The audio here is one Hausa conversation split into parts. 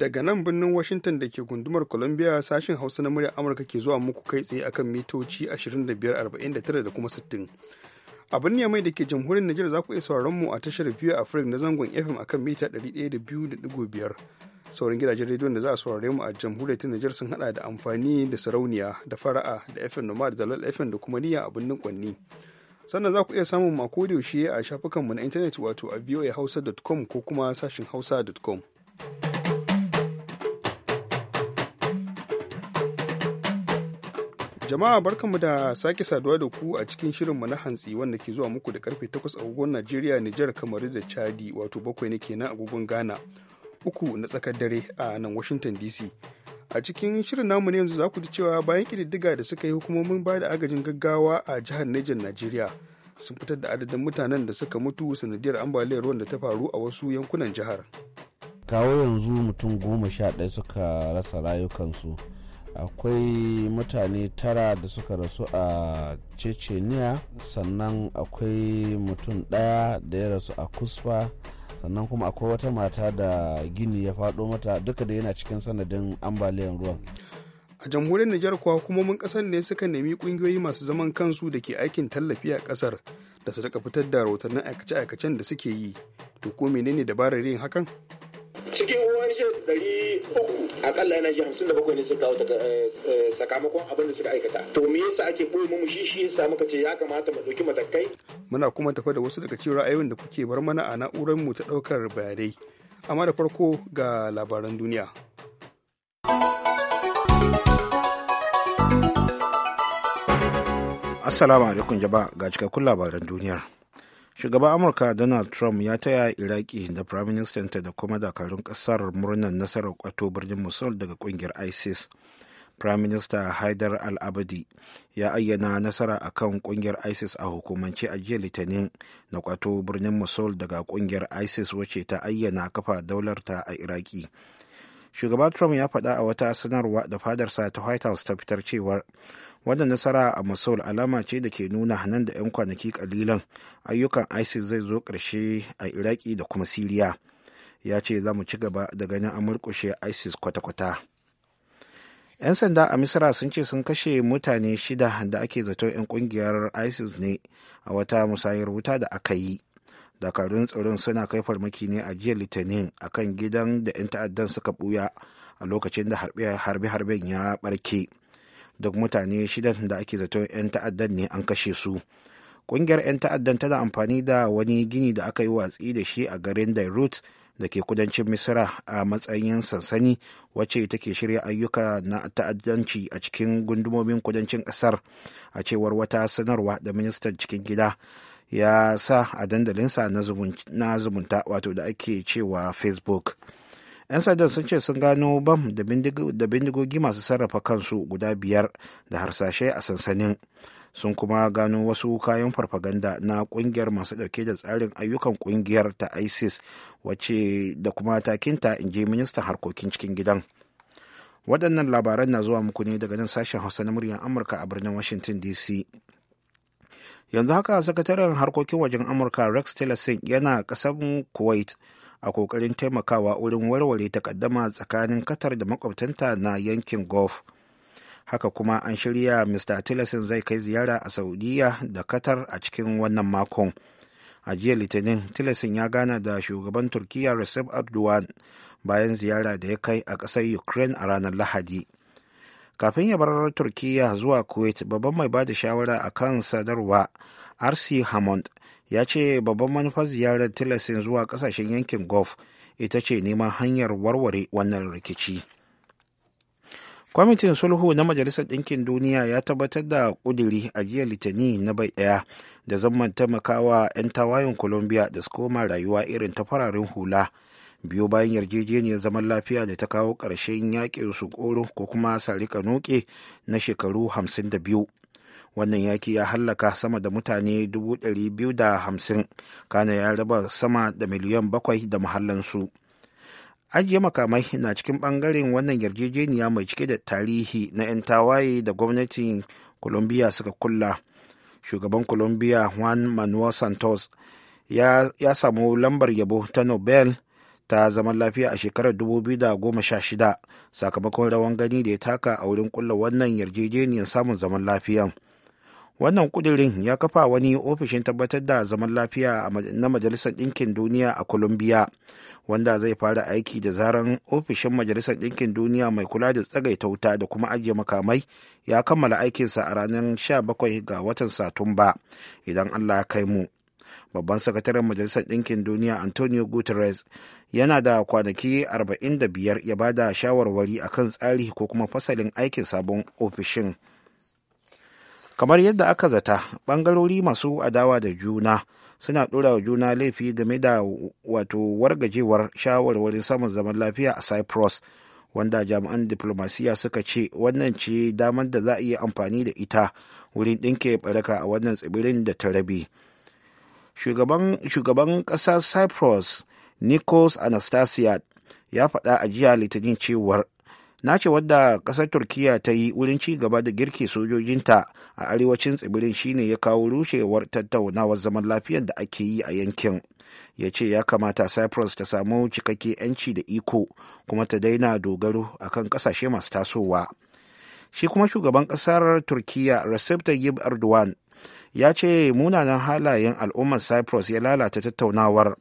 daga nan birnin washington da ke gundumar columbia sashen hausa na murya amurka ke zuwa muku kai tsaye akan mitoci 2549 da kuma 60 a birnin mai da ke jamhuriyar nijar za ku iya sauraron mu a tashar biyu a na zangon fm akan mita 102.5 sauran gidajen rediyon da za a saurare mu a jamhuriyar nijar sun hada da amfani da sarauniya da fara'a da fm noma da dalal fm da kuma niyya a birnin kwanni sannan za ku iya samun mako da yaushe a shafukan mu na intanet wato a voahausa.com ko kuma sashin hausa.com. Jama'a barkanmu da sake saduwa da ku a cikin shirinmu na hantsi wanda ke zuwa muku da karfe 8 agogon Najeriya, Nijar, Kamaru da Chadi wato bakwai ne kenan agogon Ghana. Uku na tsakar dare a nan Washington DC. A cikin shirin namu ne yanzu za ku ji cewa bayan ƙididdiga da suka yi hukumomin ba da agajin gaggawa a jihar Niger Najeriya sun fitar da adadin mutanen da suka mutu sanadiyar ambaliyar ruwan da ta faru a wasu yankunan jihar. Kawo yanzu mutum goma sha ɗaya suka rasa rayukansu. akwai mutane tara da suka rasu a chechenia sannan akwai mutum ɗaya da ya rasu a kusfa sannan kuma akwai wata mata da gini ya faɗo mata duka da yana cikin sanadin ambaliyar ruwan a jamhuriyar nijar kuwa kuma mun kasar ne suka nemi ƙungiyoyi masu zaman kansu da ke aikin tallafi a ƙasar da su fitar da rahotannin aikace-aikacen da suke yi to ko menene dabarar yin hakan cikin ONG dari uku akalla yana ji hamsin da bakwai ne suka kawo eh, eh, sakamakon abin da suka aikata to me yasa ake ɓoye mu shi shi yasa muka ce ya kamata mu ɗauki matakai muna kuma tafa da wasu daga cikin ra'ayoyin da kuke bar mana a na'urar mu ta ɗaukar bayanai amma da farko ga labaran duniya Assalamu alaikum jama'a ga cikakkun labaran duniyar. shugaban amurka donald trump ya taya iraki da prime minister da kuma dakarun kasar murnar nasarar kwato birnin mosul daga kungiyar isis prime minister haidar al-abadi ya ayyana nasara akan kungiyar isis a hukumance a jiya litinin na kwato birnin mosul daga kungiyar isis wacce ta ayyana kafa daularta a iraki shugaba trump ya faɗa a wata sanarwa da fadarsa ta white house ta fitar cewar wannan nasara a mosul alama ce da ke nuna nan da 'yan kwanaki kalilan ayyukan isis zai zo karshe a iraki da kuma siriya ya ce za mu ci gaba da ganin a murkushe isis kwata-kwata 'yan sanda a misira sun ce sun kashe mutane shida da ake zaton 'yan kungiyar isis ne a wata musayar wuta da aka yi dakarun tsaron suna kai farmaki ne a jiya litinin a kan gidan da 'yan ta'addan suka buya a lokacin da harbe-harben ya barke duk mutane shidan da ake zaton 'yan ta'addan ne an kashe su ƙungiyar 'yan ta'addan tana amfani da wani gini da aka yi watsi da shi a garin dairut da ke kudancin misira a matsayin sansani wacce take shirya ayyuka na ta'addanci a cikin gundumomin kudancin ƙasar a cewar wata sanarwa da ministan cikin gida ya sa a dandalinsa na zumunta wato da ake cewa facebook 'yan sandan sun ce sun gano bam da bindigogi masu sarrafa kansu guda biyar da harsashe a sansanin sun kuma gano wasu kayan farfaganda na kungiyar masu dauke da tsarin ayyukan kungiyar ta isis wacce da kuma takinta in je ministan harkokin cikin gidan waɗannan labaran na zuwa muku ne daga nan sashen hausa na muryar amurka a birnin washington dc yanzu haka sakataren harkokin wajen amurka rex tillerson yana ƙasar kuwait a ƙoƙarin taimakawa wurin warware takaddama tsakanin qatar da makwabtanta na yankin gulf haka kuma an shirya mr tillerson zai kai ziyara a saudiya da qatar a cikin wannan makon a jiya litinin tillerson ya gana da shugaban turkiyya recep erdogan bayan ziyara da ya kai a ƙasar ukraine a ranar lahadi kafin ya bar turkiyya zuwa kuwait babban mai ba da shawara a kan sadarwa rc hammond ya ce babban manufar ziyarar tilasin zuwa kasashen yankin gulf ita ce neman hanyar warware wannan rikici kwamitin sulhu na majalisar ɗinkin duniya ya tabbatar da ƙudiri a jiya litani na bai ɗaya da zaman taimakawa 'yan tawayen colombia da su koma rayuwa irin ta fararen hula biyu bayan yarjejeniyar zaman lafiya da ta kawo ƙarshen yaƙin su ko kuma sarika noke na shekaru 52 wannan yaki ya hallaka sama da mutane 250 kana ya raba sama da miliyan bakwai da mahallansu ajiye makamai na cikin bangaren wannan yarjejeniya mai cike da tarihi na 'yan tawaye da gwamnatin colombia suka kulla shugaban colombia juan manuel santos ya, ya samu lambar yabo ta nobel ta zaman lafiya a shekarar 2016 sakamakon rawan gani da ya taka a wurin kulla wannan yarjejeniyar samun zaman lafiyan wannan kudirin ya kafa wani ofishin tabbatar da zaman lafiya na majalisar ɗinkin duniya a colombia wanda zai fara aiki da zaran ofishin majalisar ɗinkin duniya mai kula da tsagaita wuta da kuma ajiye makamai ya kammala aikinsa a ranar 17 ga watan satumba idan allah ya kai mu babban sakataren majalisar ɗinkin duniya antonio guterres yana da kwanaki 45 ya bada shawarwari akan tsari ko kuma fasalin aikin sabon ofishin. kamar yadda aka zata bangarori masu adawa da juna suna ɗora wa juna laifi game da wato wargajewar shawarwarin samun zaman lafiya a cyprus wanda jami'an diplomasiya suka ce wannan ce damar da za a yi amfani da ita wurin ɗinke baraka a wannan tsibirin da ta rabi shugaban ƙasar cyprus nikos anastasia ya faɗa a jiya litinin cewar na ce wadda kasar turkiya ta yi wurin ci gaba da girki sojojinta a arewacin tsibirin shine ya kawo rushewar tattaunawar zaman lafiyar da ake yi a yankin ya ce ya kamata cyprus ta samu cikakke 'yanci da iko kuma ta daina dogaro akan kasashe masu tasowa shi kuma shugaban kasar turkiya recep tayyip erdogan ya ce munanan halayen al'ummar cyprus ya lalata tattaunawar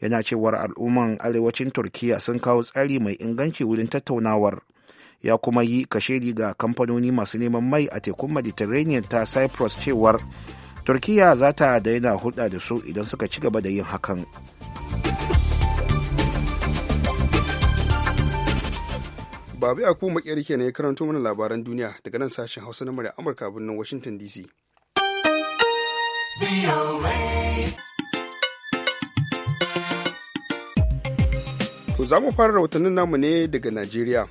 yana cewar al'umman arewacin turkiya sun kawo tsari mai inganci wurin tattaunawar ya kuma yi kashedi ga kamfanoni masu neman mai a tekun mediterranean ta cyprus cewar turkiya za ta daina hulɗa da su idan suka ci gaba da yin hakan babu ya kuma makiyar ke ne karanto mana labaran duniya daga nan sashen hausa na murya amurka birnin washington dc To za mu fara rahotannin namu ne daga Najeriya.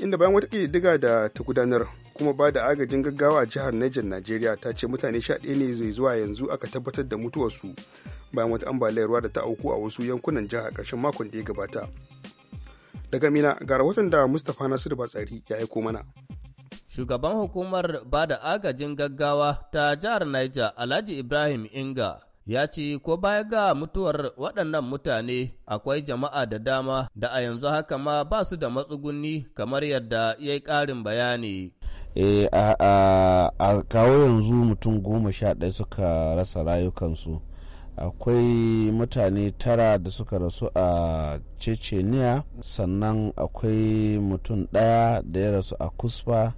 inda bayan wata ƙididdiga da ta gudanar kuma ba da agajin gaggawa a jihar Niger Najeriya ta ce mutane sha ɗaya ne zai zuwa yanzu aka tabbatar da mutuwarsu bayan wata ambaliyar ruwa da ta auku a wasu yankunan jihar ƙarshen makon da ya gabata. Daga Mina ga rahoton da Mustapha Nasiru Batsari ya aiko mana. Shugaban hukumar ba da agajin gaggawa ta jihar Niger Alhaji Ibrahim Inga ya ce ko baya ga mutuwar waɗannan mutane akwai jama'a da dama da a yanzu haka ma ba su da matsuguni kamar yadda ya yi ƙarin bayani. Eh, a, kawo yanzu mutum goma sha ɗaya suka rasa rayukansu akwai mutane tara da suka rasu a ceceniya sannan akwai mutum ɗaya da ya rasu a kusfa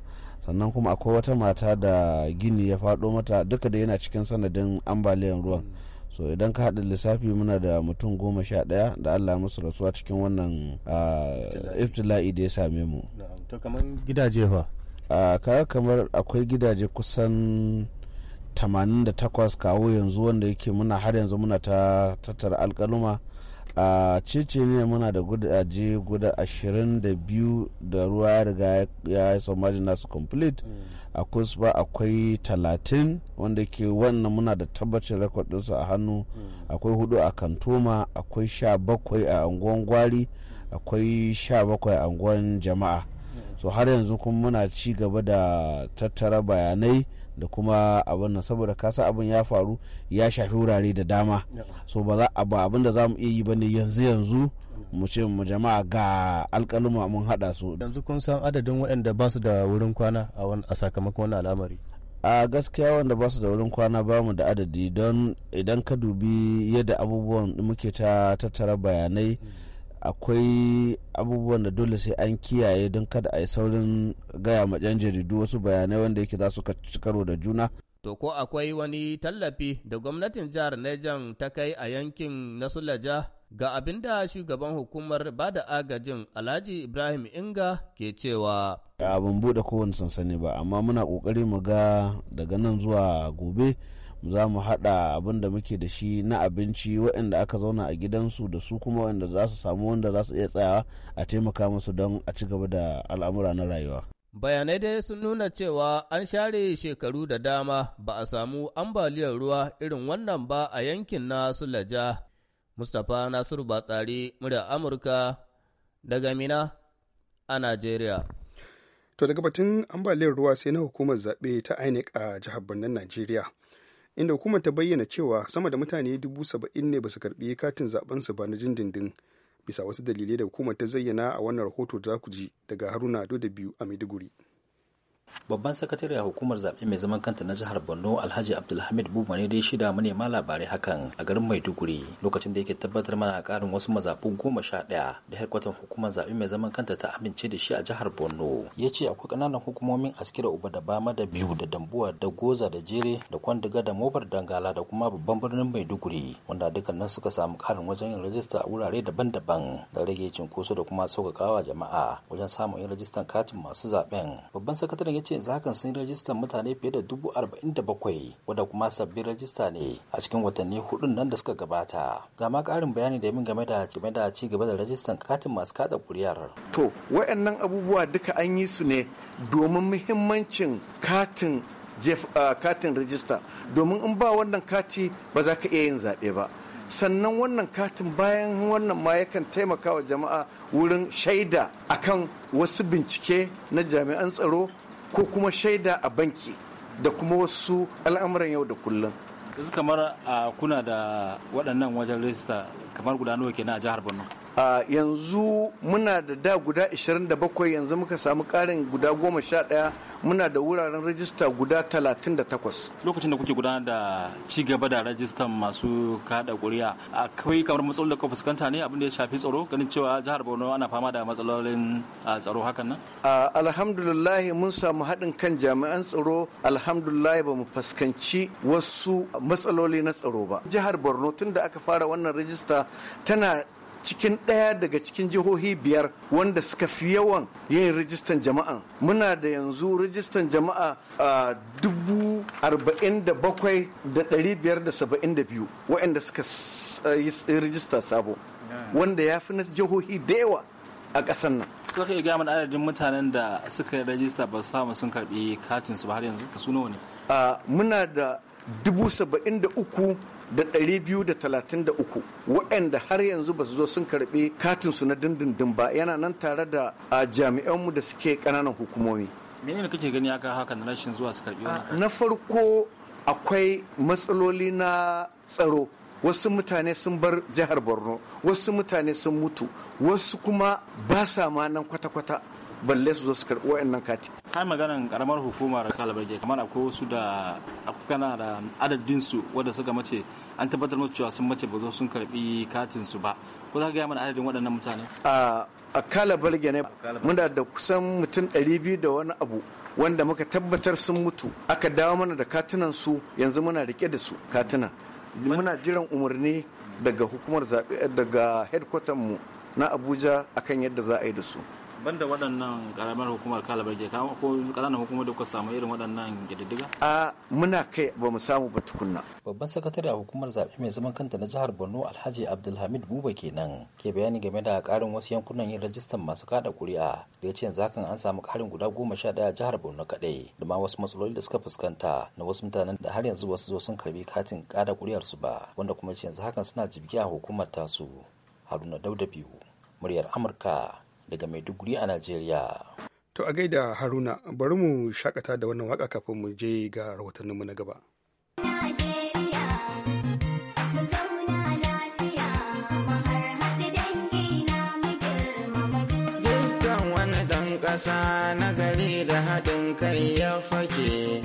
sannan kuma akwai wata mata da gini ya faɗo mata duka da yana cikin sanadin ambaliyan ruwan so idan ka haɗa lissafi muna da mutum goma sha ɗaya da allah musu rasuwa cikin wannan ah, iftila'i da ya same mu to kamar gidaje fa ah, kaga kamar akwai gidaje kusan tamanin da takwas kawo yanzu wanda yake muna har yanzu muna ta tattara alkaluma a ne muna da gudaje guda ashirin da biyu da ruwa ya riga ya yi somali nasu complete a kusba akwai talatin wanda ke wannan muna da tabbacin rekodinsu a hannu akwai hudu a kantoma akwai sha bakwai a anguwan gwari akwai sha bakwai a anguwan jama'a so har yanzu kuma muna ci gaba da tattara bayanai da kuma abin nan saboda kasa abin ya faru ya shafi wurare da dama so ba za ba abin da za mu iya yi ba ne yanzu yanzu mu ce mu jama'a ga alƙaluma mun haɗa su yanzu kun san adadin waɗanda ba su da wurin kwana a sakamakon wannan al'amari a gaskiya wanda ba su da wurin kwana ba mu da adadi don idan ka dubi yadda abubuwan muke ta tattara bayanai mm. akwai abubuwan da dole sai an kiyaye don kada a yi saurin gaya ma jan jaridu wasu bayanai wanda yake za su karo da juna to ko akwai wani tallafi da gwamnatin jihar Nejan ta kai a yankin na Sulaja ga abin da shugaban hukumar ba da agajin Alhaji Ibrahim Inga ke cewa. Abin buɗe kowane sansani ba, amma muna ƙoƙari mu ga daga nan zuwa gobe za mu haɗa abin da muke da shi na abinci waɗanda aka zauna a gidansu da su kuma waɗanda za su samu wanda za su iya tsayawa a taimaka musu don a ci gaba da al'amura na rayuwa. Bayanai dai sun nuna cewa an share shekaru da dama ba a samu ambaliyar ruwa irin wannan ba a yankin na Sulaja. Mustapha Nasiru Batsari, murya Amurka daga Mina a Najeriya. To daga batun ambaliyar ruwa sai na hukumar zaɓe ta INEC a jihar Birnin Najeriya. inda hukumar ta bayyana cewa sama da mutane dubu saba'in ne basu karbi katin zaben su ba na jindindin bisa wasu dalilai da hukumar ta zayyana a wannan rahoto da za ku ji daga haruna ado da biyu a maiduguri babban sakatare a hukumar zaɓe mai zaman kanta na jihar borno alhaji abdulhamid buba ne dai shida manema labarai hakan a garin maiduguri lokacin da yake tabbatar mana a ƙarin wasu mazaɓu goma sha ɗaya da harkwatan hukumar zaɓe mai zaman kanta ta amince da shi a jihar borno ya ce akwai ƙananan hukumomin askira uba da bama da biyu da dambuwa da goza da jere da kwandiga da mobar dangala da kuma babban birnin maiduguri wanda dukkanin suka samu ƙarin wajen yin rajista a wurare daban-daban da rage cinkoso da kuma sauƙaƙawa jama'a wajen samun yin rajistan katin masu zaɓen babban sakataren ya ce zakan hakan sun rajistar mutane fiye da dubu arba'in da bakwai wadda kuma sabbin rajista ne a cikin watanni hudun nan da suka gabata ga ma karin bayani da min game da game da ci gaba da rajistan katin masu kada kuriyar to wayannan abubuwa duka an yi su ne domin muhimmancin katin jef katin rajista domin in ba wannan kati ba za ka iya yin zaɓe ba sannan wannan katin bayan wannan ma yakan taimaka wa jama'a wurin shaida akan wasu bincike na jami'an tsaro ko kuma shaida a banki da kuma wasu al'amuran yau da kullum yanzu kamar a ah, kuna da waɗannan wajen rajista kamar guda nawa kenan a jihar borno yanzu muna da da guda 27 yanzu muka samu karin guda 11 muna da wuraren rajista guda 38 lokacin da kuke gudanar da ci gaba da rajistan masu kada kuri'a akwai kamar matsalolin da kuka fuskanta ne abin da ya shafi tsaro ganin cewa jihar borno ana fama da matsalolin tsaro hakan nan alhamdulillah mun samu haɗin kan jami'an tsaro alhamdulillah ba mu fuskanci wasu matsaloli na tsaro ba jihar borno tun da aka fara wannan rajista tana cikin ɗaya daga cikin jihohi biyar wanda suka fi yawan yin rijistan jama'a muna da yanzu rijistan jama'a a dubu arba'in da bakwai da ɗari biyar da saba'in da biyu waɗanda suka yi rijista sabo wanda ya fi na jihohi da yawa a ƙasar nan suka iya ga mana adadin mutanen da suka rajista ba samu sun karbi katin su ba har yanzu Ka suna ne muna da dubu saba'in da uku da ɗari biyu da talatin da uku waɗanda har yanzu ba su zo sun karɓi katin su na dindindin ba yana nan tare da A jami'anmu da suke ƙananan hukumomi menene kake gani aka hakan rashin zuwa su karɓi na farko akwai matsaloli na tsaro wasu mutane sun bar jihar borno wasu mutane sun mutu wasu kuma ba sa ma nan kwata-kwata balle su zo su karɓi nan kati. kai maganan karamar hukumar kalabarge kamar akwai wasu da kana da adadin su wanda suka mace an tabbatar musu cewa sun mace ba zo sun karɓi katin su ba ko za ka gaya mana adadin waɗannan mutane. a kalabarge ne muna da kusan mutum ɗari biyu da wani abu wanda muka tabbatar sun mutu aka dawo mana da katunan su yanzu muna rike da su katunan muna jiran umarni daga hukumar zaɓe daga headquarter mu na abuja akan yadda za a yi da su banda waɗannan karamar hukumar kalabar ke kama ko ƙananan hukumar da kuka samu irin waɗannan gididdiga a muna kai ba mu samu ba tukunna babban sakatare a hukumar zaɓe mai zaman kanta na jihar borno alhaji abdulhamid buba kenan ke bayani game da ƙarin wasu yankunan yin rajistan masu kaɗa ƙuri'a da ya ce yanzu hakan an samu ƙarin guda goma sha ɗaya a jihar borno kaɗai da ma wasu matsaloli da suka fuskanta na wasu mutanen da har yanzu wasu zo sun karbi katin ƙada su ba wanda kuma ce yanzu hakan suna jibgi a hukumar tasu haruna dauda biyu muryar amurka daga Maiduguri a Najeriya. To a gaida Haruna bari mu shakata da wannan waka kafin mu je ga rahotanninmu na gaba. ƙasa na gari da haɗin kai ya fake eh.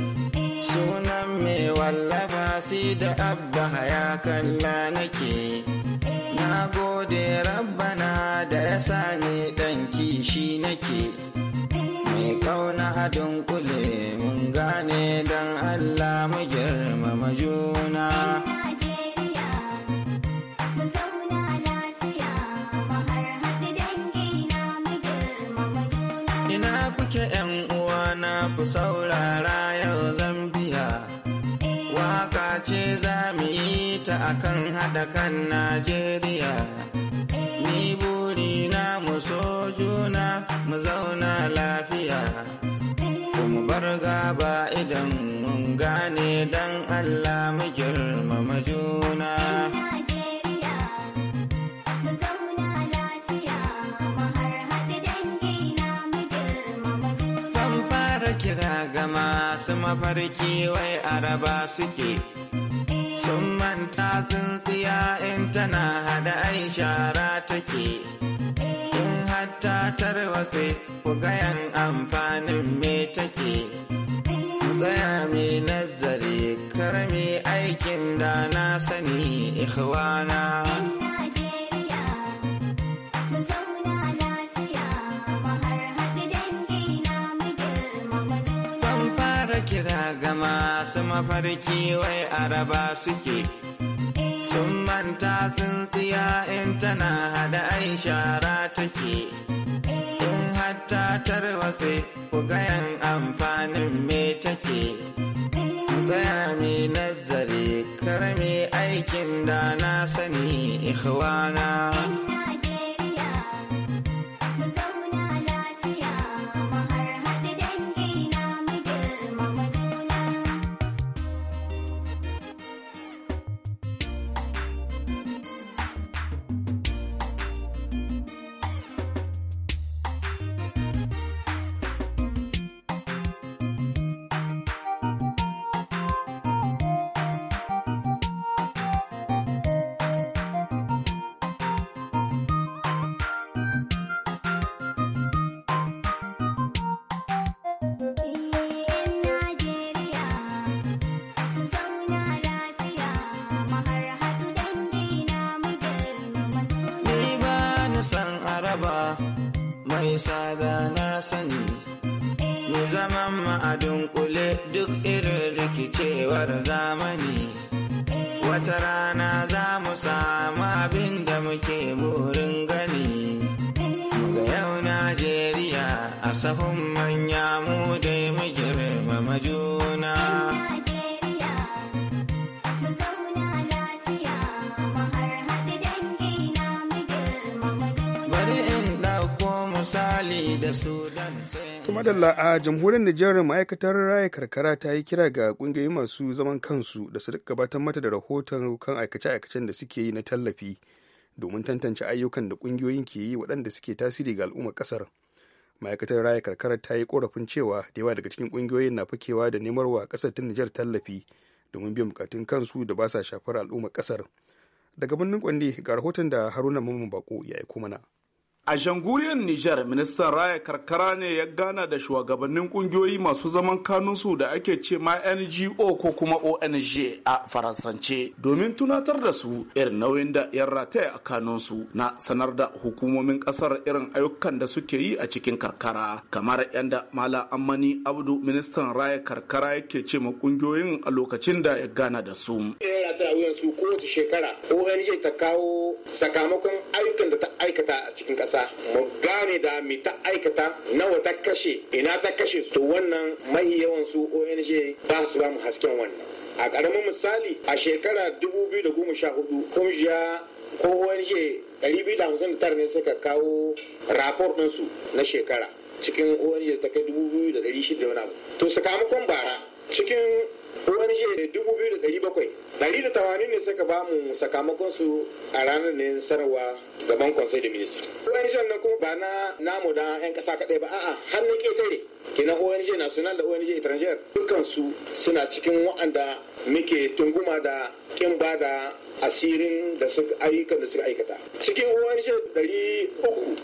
sunan mai wallafa si da abba ya kalla nake eh. na gode rabbana da ya sani shi nake mai kauna a dunkule mun gane don Allah mu girmama juna. Ina kuke ‘yan uwana ku saurara yau Zambiya, waka ce za mu yi ta akan haɗa kan Najeriya. ne don Allah mu girmama juna. kira ga masu mafarki wai araba suke eh. sun manta sun siya in tana hada ai shara take eh. in hatta tarwatsi ku amfanin me take tsaya mai nazari karmi aikin da na sani ikhwana kira ga masu mafarki wai araba suke sun manta sun siya in tana hada aishara take ta tarwatse ku gayan amfanin me take tsaya mi nazari karmi aikin da na sani ikhwana. nisa da na sani mu zaman mu a dunkule duk irin rikicewar zamani wata rana za mu samu abin da muke burin gani ga yau najeriya a sahun manya mu dai madalla a jamhuriyar nijar ma'aikatar raya karkara ta yi kira ga kungiyoyi masu zaman kansu da su gabatar mata da rahoton kan aikace-aikacen da suke yi na tallafi domin tantance ayyukan da kungiyoyin ke yi waɗanda suke tasiri ga al'ummar ƙasar ma'aikatar raya karkara ta yi korafin cewa da yawa daga cikin kungiyoyin na fakewa da nemar wa ƙasar ta nijar tallafi domin biyan bukatun kansu da ba sa shafar al'ummar ƙasar daga birnin kwande ga rahoton da haruna mamman bako ya aiko mana A janguriyar Nijar, ministan raya karkara ne ya gana da shugabannin kungiyoyi masu zaman kanunsu da ake ce ma NGO ko kuma ONG a Faransance domin tunatar da su irin nauyin da yan rataya a kanunsu na sanar da hukumomin ƙasar irin ayyukan da suke yi a cikin karkara. Kamar yadda Mala Ammani Abdu ministan raya karkara yake ce ma kungiyoyin a lokacin da ya gana da su wata shekara ONG ta kawo sakamakon ayyukan da ta aikata a cikin kasa Mu gane da mi ta aikata na wata kashe ina ta kashe to wannan mai yawan su ONG ba su ba mu hasken wannan. A ƙaramin misali a shekara 2014 kungiya ko ONG 259 ne suka kawo rapor su na shekara cikin ONG ta kai 2,600 To sakamakon bara cikin ruwan jiya da dubu biyu da ɗari bakwai ɗari da tamanin ne suka ba mu sakamakon su a ranar ne sanarwa gaban kwansai da minista Ong na kuma ba na namu da yan ƙasa kaɗai ba a'a har na ƙetare kina ONG national da ONG étrangère dukkan su suna cikin wa'anda muke tunguma da kin ba da asirin da suka ayyukan da suka aikata cikin ONG 300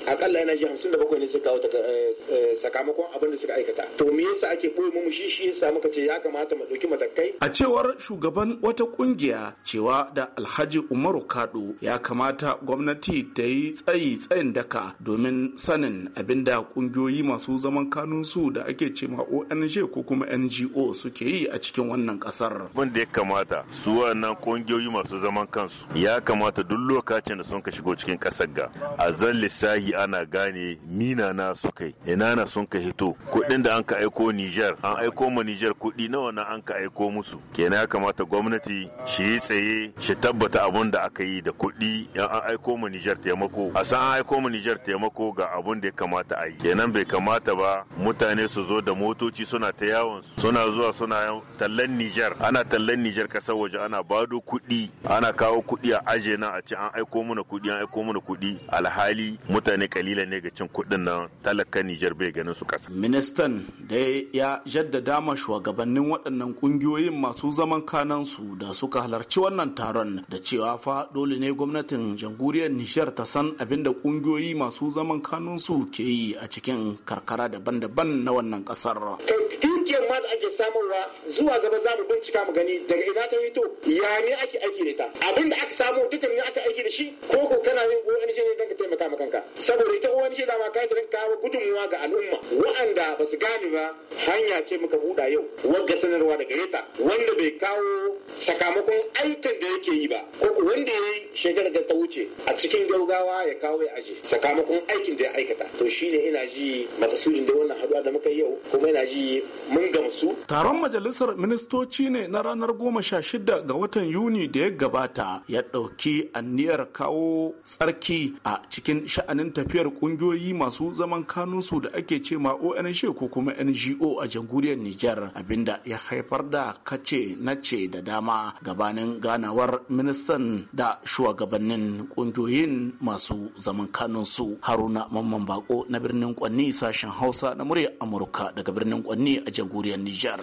akalla yana ji 57 ne suka kawo eh, eh, sakamakon abin da suka aikata to me yasa ake koyi mu shi shi yasa muka ce ya kamata mu dauki matakai. A cewar shugaban wata kungiya cewa da Alhaji Umaru Kado ya kamata gwamnati ta yi tsayi tsayin daka domin sanin abin da kungiyoyi masu zaman kanun da ake ce ma ONG ko kuma NGO suke yi a cikin wannan kasar. Abin da ya kamata su wannan kungiyoyi masu zaman kansu ya kamata duk lokacin da sun ka shigo cikin kasar ga a zan lissahi ana gane mina na su yi ina na sun ka hito kuɗin da an ka aiko Niger an aiko ma Niger kuɗi nawa na an ka aiko aiko musu kenan ya kamata gwamnati shi yi tsaye shi tabbata abun da aka yi da kuɗi yan an aiko mu Nijar taimako a san an aiko mu Nijar taimako ga abun da ya kamata a yi kenan bai kamata ba mutane su zo da motoci suna ta yawon suna zuwa suna tallan Nijar ana tallan Nijar kasar waje ana bado kuɗi ana kawo kuɗi a aje na a ce an aiko mana kuɗi an aiko mana kuɗi alhali mutane kalila ne ga cin kuɗin nan talakan Nijar bai ganin su kasa ministan da ya jaddada ma shugabannin waɗannan ƙungiyoyi kungiyoyin masu zaman kanansu da suka halarci wannan taron da cewa fa dole ne gwamnatin jamhuriyar Nijar ta san abin da kungiyoyi masu zaman kanansu ke yi a cikin karkara daban-daban na wannan kasar. Eh, dukiyar ma da ake samarwa zuwa gaba za mu bincika mu gani daga ina ta hito ya ne ake aiki da ta abinda aka samu dukkan ne aka aiki da shi ko ko kana yin ONG ne don ka taimaka ma kanka saboda ita ONG da ma kai ta kawo gudunmuwa ga al'umma wa'anda ba su gane ba hanya ce muka buɗa yau wagga sanarwa da gare ta wanda bai kawo sakamakon aikin da yake yi ba ko wanda ya yi shekarar da ta wuce a cikin gaugawa ya kawo ya aje sakamakon aikin da ya aikata to shine ina ji makasudin da wannan haɗuwa da muka yi yau kuma ina ji mun gamsu. Taron majalisar ministoci ne na ranar goma sha shida ga watan Yuni da ya gabata ya ɗauki anniyar kawo tsarki a cikin sha'anin tafiyar ƙungiyoyi masu zaman kanunsu da ake ce ma ONG ko kuma NGO a jamhuriyar Nijar abinda ya haifar da kace nace da dama gabanin ganawar ministan da shugabannin ƙungiyoyin masu zaman kanunsu Haruna Mamman Bako na birnin Kwanni sashen Hausa na murya Amurka daga birnin Kwanni a jamhuriyar Nijar.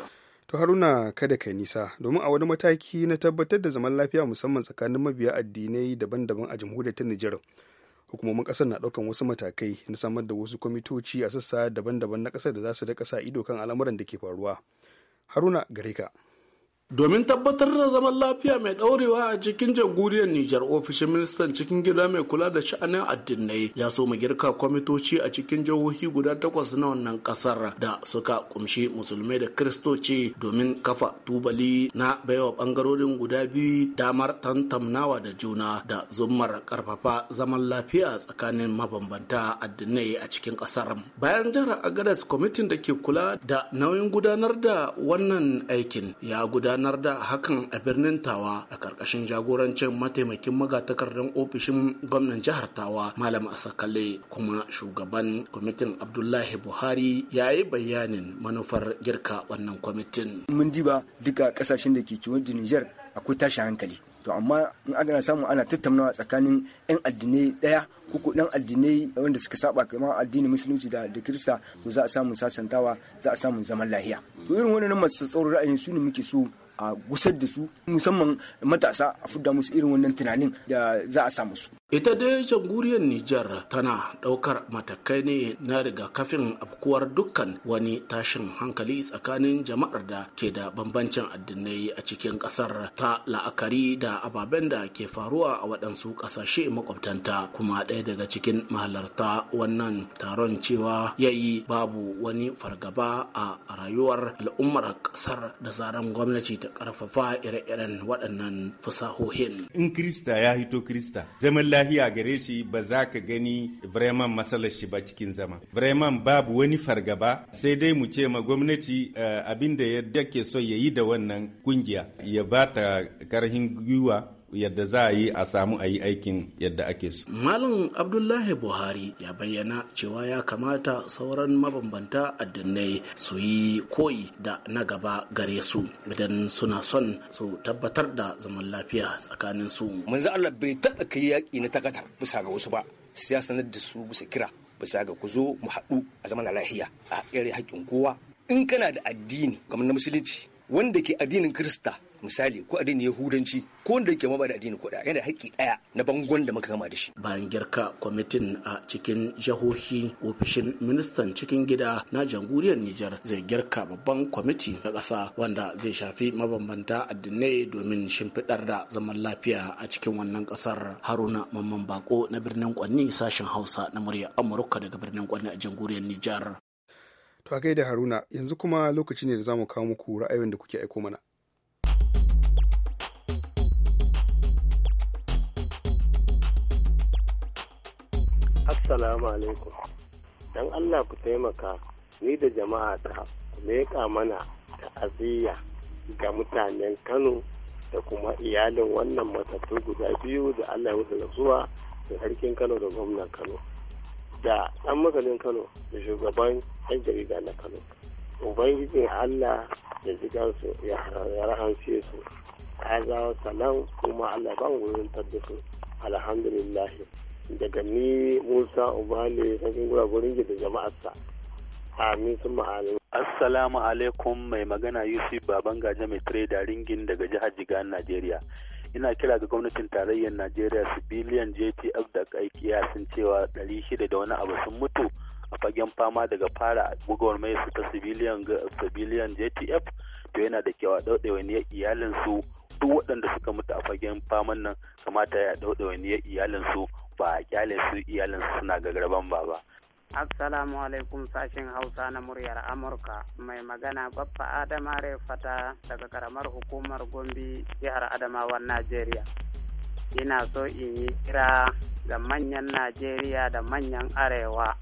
To Haruna kada ka nisa domin a wani mataki na tabbatar da zaman lafiya musamman tsakanin mabiya addinai daban-daban a jamhuriyar ta Nijar. Hukumomin ƙasar na ɗaukan wasu matakai na samar da wasu kwamitoci a sassa daban-daban na ƙasar da za su da sa ido kan al'amuran da ke faruwa. Haruna gare ka. Domin tabbatar da zaman lafiya mai ɗaurewa a cikin jamhuriyar Nijar ofishin ministan cikin gida mai kula da sha'anin addinai ya so mu girka kwamitoci a cikin jihohi guda takwas na wannan ƙasar da suka kumshi musulmai da kiristoci domin kafa tubali na baiwa ɓangarorin guda biyu damar tantamnawa da juna da zummar karfafa zaman lafiya tsakanin mabambanta addinai a cikin ƙasar. Bayan jihar Agadas kwamitin da ke kula da nauyin gudanar da wannan aikin ya guda gudanar da hakan a birnin Tawa a karkashin jagorancin mataimakin magatakardar ofishin gwamnan jihar Tawa Malam Asakale kuma shugaban kwamitin Abdullahi Buhari ya yi bayanin manufar girka wannan kwamitin. Mun diba duka kasashen da ke ciwon Nijar akwai tashi hankali. To amma in ana samu ana tattaunawa tsakanin 'yan addinai ɗaya kuku dan addinai wanda suka saba kamar addinin musulunci da da kirista to za a samu sasantawa za a samu zaman lahiya to irin wannan masu tsatsauran ra'ayin su ne muke so a gusar da su musamman matasa a fudda musu irin wannan tunanin da za a samu su. Ita dai jamhuriyar Nijar tana ɗaukar matakai ne na rigakafin afkuwar dukkan wani tashin hankali tsakanin jama'ar da ke da bambancin addinai a cikin ƙasar ta la'akari da ababen da ke faruwa a waɗansu ƙasashe makwabtanta kuma ɗaya daga cikin mahalarta wannan taron cewa yayi babu wani fargaba a rayuwar al'ummar ƙasar da zaran gwamnati ta karfafa ire-iren waɗannan fasahohin. In Krista ya hito Krista, zaman lahiya gare shi ba za ka gani vreman matsalar shi ba cikin zama. Vreman babu wani fargaba sai dai mu ce ma gwamnati eh, abin da ya dake so ya yi da wannan kungiya ya ba ta karhin gwiwa yadda za a yi a samu a yi aikin yadda ake so. Malam Abdullahi Buhari ya bayyana cewa ya kamata sauran mabambanta addinai su yi koyi da na gaba gare su idan suna son su tabbatar da zaman lafiya tsakanin su. Manzo Allah bai taɓa kai yaƙi na takatar bisa ga wasu ba siyasanar da su bisa kira bisa ga ku zo mu haɗu a zaman lafiya a haƙƙin kowa in kana da addini kamar na musulunci wanda ke addinin Kirista misali ko addinin yahudanci ko wanda yake ma ba da addini ko da yana da haƙƙi ɗaya na bangon da muka gama da shi bayan girka kwamitin a cikin jahohi ofishin ministan cikin gida na jamhuriyar Nijar zai girka babban kwamiti na ƙasa wanda zai shafi mabambanta addinai domin shimfiɗar da zaman lafiya a cikin wannan ƙasar haruna mamman bako na birnin kwanni sashen hausa na murya amurka daga birnin kwanni a jamhuriyar Nijar. To a da Haruna yanzu kuma lokaci ne da za mu kawo muku ra'ayoyin da kuke aiko mana. Assalamu alaikum. Dan Allah ku taimaka ni da jama'a ta leƙa mana ta'aziyya ga mutanen Kano da kuma iyalin wannan matattu guda biyu da Allah ya wuce da zuwa da sarkin Kano da gwamnan Kano. Da ɗan maganin Kano da shugaban 'yan jarida na Kano. Ubangijin Allah da jigansu ya rahamshe su. Ta zawo salam kuma Allah ban wurin tabbasu. Alhamdulillah. daga ni musa ubale sarkin gura gurin da jama'arsa amin sun ma'alin assalamu alaikum mai magana yusuf baban gaja mai trader ringin daga jihar jigan najeriya ina kira ga gwamnatin tarayyar najeriya su biliyan jtf da ya sun cewa 600 da wani abu sun mutu a fagen fama daga fara gugawar mai su ta civilian jtf to yana da kyau a ɗauɗewa ne iyalinsu duk waɗanda suka mutu a fagen faman nan kamata ya ɗauɗa iyalinsu ba a kyale su iyalinsu suna gagarban ba ba. Assalamu alaikum sashen Hausa na muryar Amurka mai magana Baffa Adama Refata daga karamar hukumar Gombe jihar adamawa Najeriya. Ina so in yi kira ga manyan Najeriya da manyan Arewa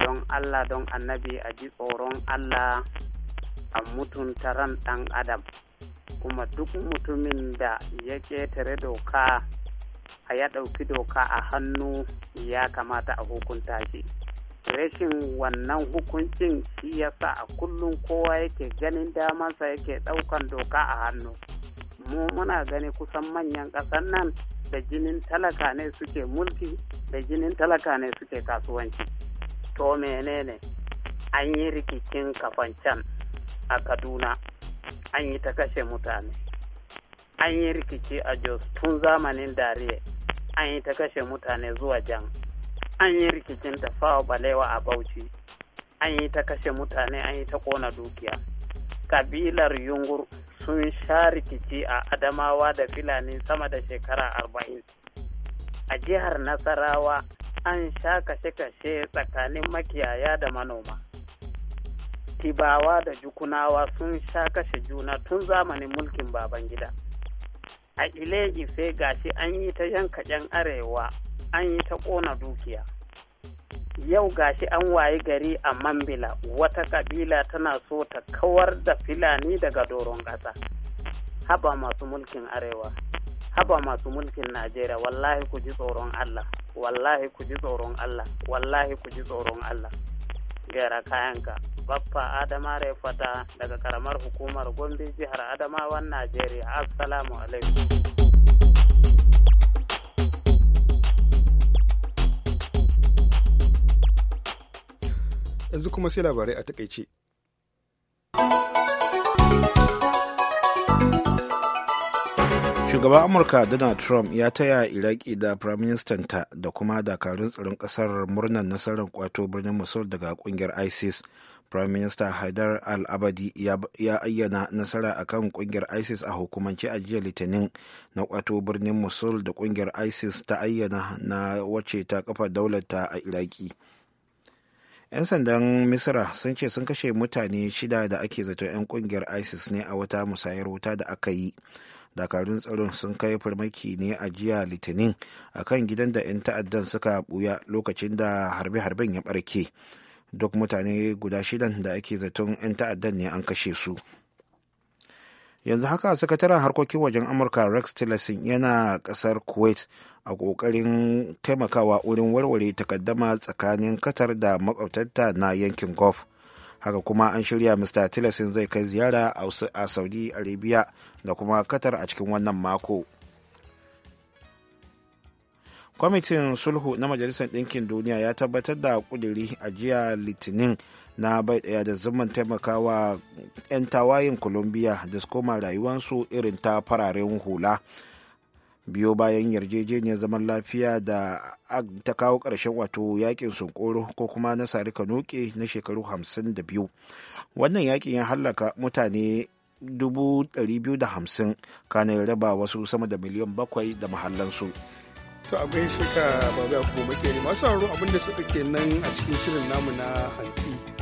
don Allah don annabi a ji tsoron Allah a mutunta ran ɗan Adam. kuma duk mutumin da ya ƙetare doka a ya ɗauki doka a hannu ya kamata a hukunta shi rashin wannan hukuncin shi yasa a kullum kowa yake ganin damansa yake ɗaukan doka a hannu mu muna gani kusan manyan ƙasar nan da jinin talaka ne suke mulki da jinin talaka ne suke kasuwanci to menene an yi rikicin kafancan a kaduna an yi ta kashe mutane an yi rikici a jos tun zamanin dariya an yi ta kashe mutane zuwa jan an yi rikicin tafawa balewa a bauchi an yi ta kashe mutane an yi ta kona dukiya kabilar yungur sun sha rikici a adamawa da filani sama da shekara arba'in a jihar nasarawa an sha kashe-kashe tsakanin makiyaya da manoma tibawa da jukunawa sun sha kashe juna tun zamanin mulkin babangida a ile ife gashi an yi ta yanka yan arewa an yi ta ƙona dukiya yau gashi an wayi gari a mambila wata kabila tana so ta kawar da filani daga doron ƙasa haba masu mulkin arewa haba masu mulkin najeriya wallahi ku ji tsoron allah wallahi ku ji tsoron allah wallahi ku ji tsoron allah gyara kayanka. Baffa Adama Refata daga karamar hukumar Gombe jihar Adamawan Najeriya. Assalamu alaikum. Yanzu kuma sai labarai a takaice. shugaban amurka donald trump ya taya iraki da ta da kuma dakarun tsaron kasar murnar nasarar kwato birnin musul daga kungiyar isis prime minister haidar al-abadi ya ayyana nasara akan kungiyar isis a hukumance a jiya litinin na kwato birnin musul da kungiyar isis ta ayyana na wace ta kafa daularta a iraki 'yan sandan misira sun ce sun kashe mutane shida da ake zato 'yan kungiyar isis ne a wata musayar wuta da aka yi dakarun tsaron sun kai farmaki ne a jiya litinin a kan gidan da 'yan ta'addan suka buya lokacin da harbe-harben ya barke duk mutane guda shidan da ake zaton 'yan ta'addan ne an kashe su yanzu haka sakataren harkokin wajen amurka rex tillerson yana kasar kuwait a kokarin taimakawa wurin warware takaddama tsakanin katar da makwabtanta na yankin gulf haka kuma an shirya mr tillerson zai kai ziyara a saudi arabia da kuma katar a cikin wannan mako kwamitin sulhu na majalisar ɗinkin duniya ya tabbatar da kuduri a jiya litinin na bai ɗaya da zumman taimakawa 'yan tawayin colombia da su koma rayuwarsu irin ta fararen hula biyo bayan yarjejeniyar zaman lafiya da ta kawo ƙarshen wato yakin sunkoro ko kuma na sari kanuke na shekaru 52 wannan yakin ya hallaka mutane 250 ya raba wasu sama da miliyan bakwai da mahallansu. to a shi ka ba za ku masu abin abinda suka ke nan a cikin shirin namu na hantsi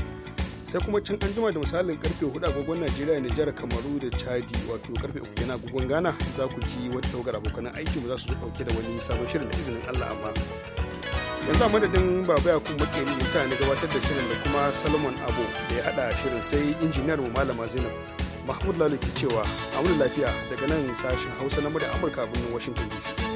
sai kuma can an da misalin karfe 4 agogon najeriya nijar kamaru da chadi wato karfe 3 yana agogon ghana za ku ji wata tawagar abokan aiki mu za su dauke da wani sabon shirin da izinin allah amma yanzu a madadin baba ya kuma nuna ta na gabatar da shirin da kuma salomon abu da ya haɗa shirin sai injiniyar mu malama zainab mahmud lalu ke cewa a wani lafiya daga nan sashen hausa na murya amurka birnin washington dc